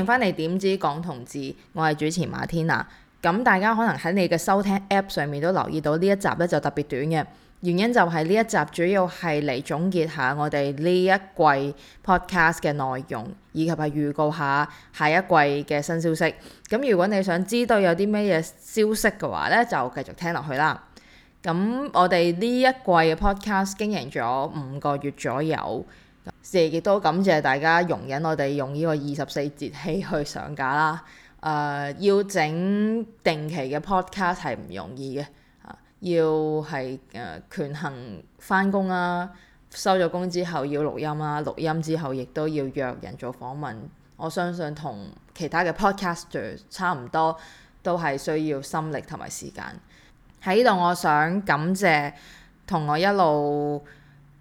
聽返你點止港同志，我係主持馬天娜。咁大家可能喺你嘅收聽 App 上面都留意到呢一集咧就特別短嘅，原因就係呢一集主要係嚟總結下我哋呢一季 Podcast 嘅內容，以及係預告下下一季嘅新消息。咁如果你想知道有啲咩嘢消息嘅話咧，就繼續聽落去啦。咁我哋呢一季嘅 Podcast 經營咗五個月左右。亦都感謝大家容忍我哋用呢個二十四節氣去上架啦。誒、呃，要整定期嘅 podcast 係唔容易嘅。要係誒、呃、權衡返工啦，收咗工之後要錄音啦、啊，錄音之後亦都要約人做訪問。我相信同其他嘅 podcaster 差唔多，都係需要心力同埋時間。喺呢度，我想感謝同我一路。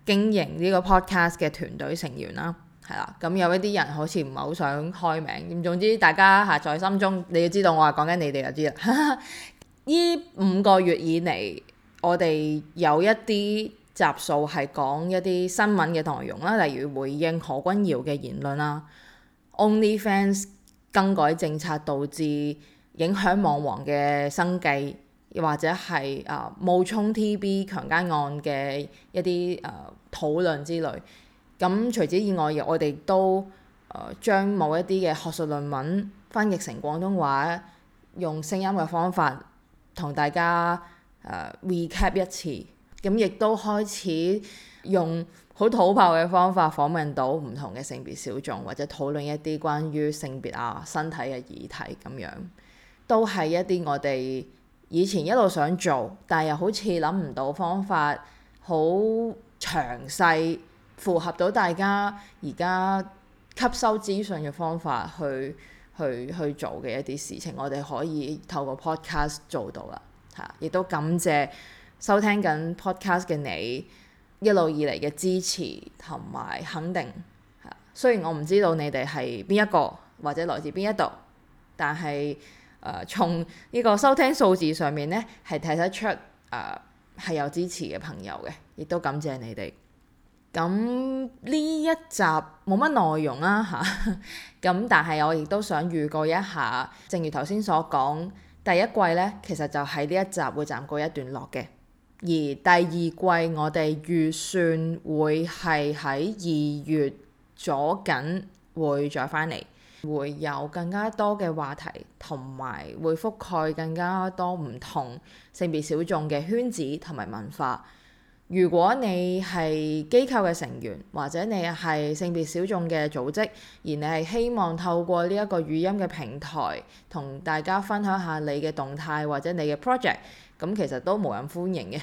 經營呢個 podcast 嘅團隊成員啦，係啦，咁有一啲人好似唔係好想開名，總之大家嚇在心中，你要知道我係講緊你哋就知啦。呢 五個月以嚟，我哋有一啲集數係講一啲新聞嘅內容啦，例如回應何君堯嘅言論啦，OnlyFans 更改政策導致影響網黃嘅生計。又或者係啊冒充 T.B. 強姦案嘅一啲啊討論之類，咁除此以外，我哋都啊將某一啲嘅學術論文翻譯成廣東話，用聲音嘅方法同大家啊 recap 一次，咁亦都開始用好土炮嘅方法訪問到唔同嘅性別小眾，或者討論一啲關於性別啊身體嘅議題咁樣，都係一啲我哋。以前一路想做，但係又好似諗唔到方法，好詳細符合到大家而家吸收資訊嘅方法去，去去去做嘅一啲事情，我哋可以透過 podcast 做到啦，嚇、啊！亦都感謝收聽緊 podcast 嘅你一路以嚟嘅支持同埋肯定嚇、啊。雖然我唔知道你哋係邊一個，或者來自邊一度，但係。誒、呃、從呢個收聽數字上面咧，係睇得出誒係、呃、有支持嘅朋友嘅，亦都感謝你哋。咁、嗯、呢一集冇乜內容啦、啊，嚇，咁、嗯、但係我亦都想預告一下，正如頭先所講，第一季咧其實就喺呢一集會暫告一段落嘅，而第二季我哋預算會係喺二月左右會再翻嚟。會有更加多嘅話題，同埋會覆蓋更加多唔同性別小眾嘅圈子同埋文化。如果你係機構嘅成員，或者你係性別小眾嘅組織，而你係希望透過呢一個語音嘅平台，同大家分享下你嘅動態，或者你嘅 project，咁其實都冇人歡迎嘅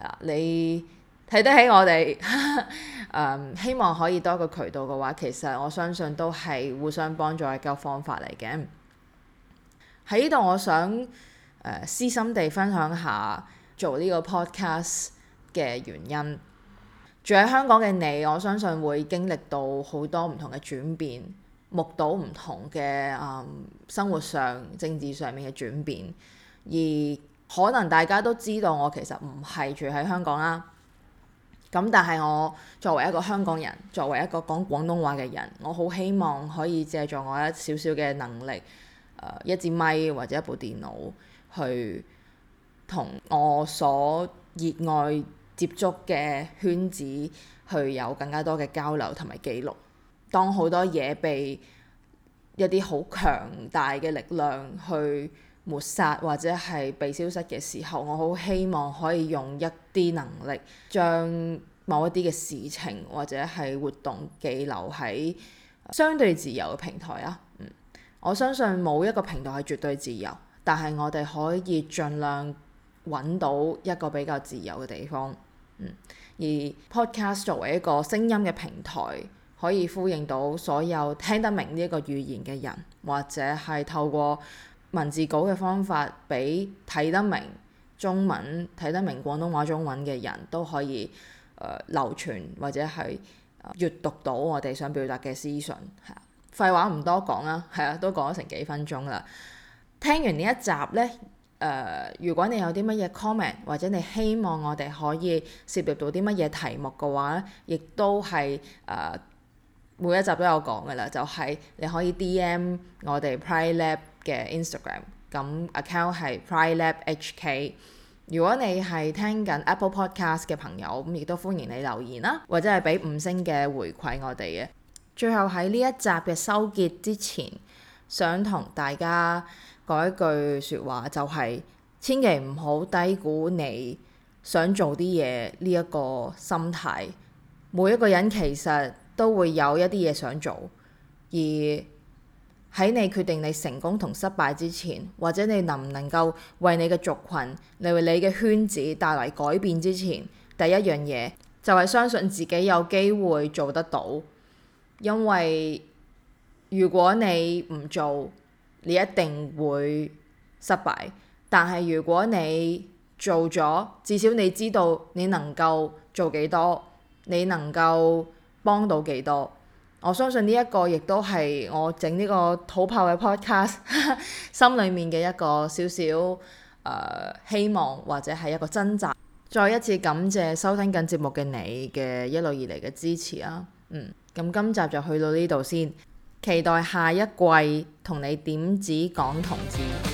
係喇，你睇得起我哋，誒、 um, 希望可以多一個渠道嘅話，其實我相信都係互相幫助嘅一個方法嚟嘅。喺呢度，我想誒、呃、私心地分享下做呢個 podcast 嘅原因。住喺香港嘅你，我相信會經歷到好多唔同嘅轉變，目睹唔同嘅、嗯、生活上、政治上面嘅轉變。而可能大家都知道，我其實唔係住喺香港啦。咁但係我作為一個香港人，作為一個講廣東話嘅人，我好希望可以借助我一少少嘅能力，誒、呃、一支咪，或者一部電腦，去同我所熱愛接觸嘅圈子去有更加多嘅交流同埋記錄。當好多嘢被一啲好強大嘅力量去抹殺或者係被消失嘅時候，我好希望可以用一啲能力將某一啲嘅事情或者係活動寄留喺相對自由嘅平台啊。嗯，我相信冇一個平台係絕對自由，但係我哋可以盡量揾到一個比較自由嘅地方。嗯，而 Podcast 作為一個聲音嘅平台，可以呼應到所有聽得明呢一個語言嘅人，或者係透過文字稿嘅方法，俾睇得明中文、睇得明廣東話中文嘅人都可以誒、呃、流傳或者係閱、呃、讀到我哋想表達嘅資訊。係啊。廢話唔多講啦，係啊，都講咗成幾分鐘啦。聽完呢一集咧，誒、呃，如果你有啲乜嘢 comment 或者你希望我哋可以涉入到啲乜嘢題目嘅話咧，亦都係誒、呃、每一集都有講嘅啦，就係、是、你可以 D.M 我哋 PrideLab 嘅 Instagram，咁 account 係 PrideLab HK。如果你係聽緊 Apple Podcast 嘅朋友，咁亦都歡迎你留言啦、啊，或者係俾五星嘅回饋我哋嘅。最後喺呢一集嘅收結之前，想同大家講一句說話，就係、是、千祈唔好低估你想做啲嘢呢一個心態。每一個人其實都會有一啲嘢想做，而喺你決定你成功同失敗之前，或者你能唔能夠為你嘅族群、你為你嘅圈子帶嚟改變之前，第一樣嘢就係相信自己有機會做得到。因為如果你唔做，你一定會失敗。但係如果你做咗，至少你知道你能夠做幾多，你能夠幫到幾多。我相信呢一個亦都係我整呢個土炮嘅 podcast 心裡面嘅一個少少誒希望，或者係一個掙扎。再一次感謝收聽緊節目嘅你嘅一路以嚟嘅支持啊！嗯，咁今集就去到呢度先，期待下一季同你點止港同志。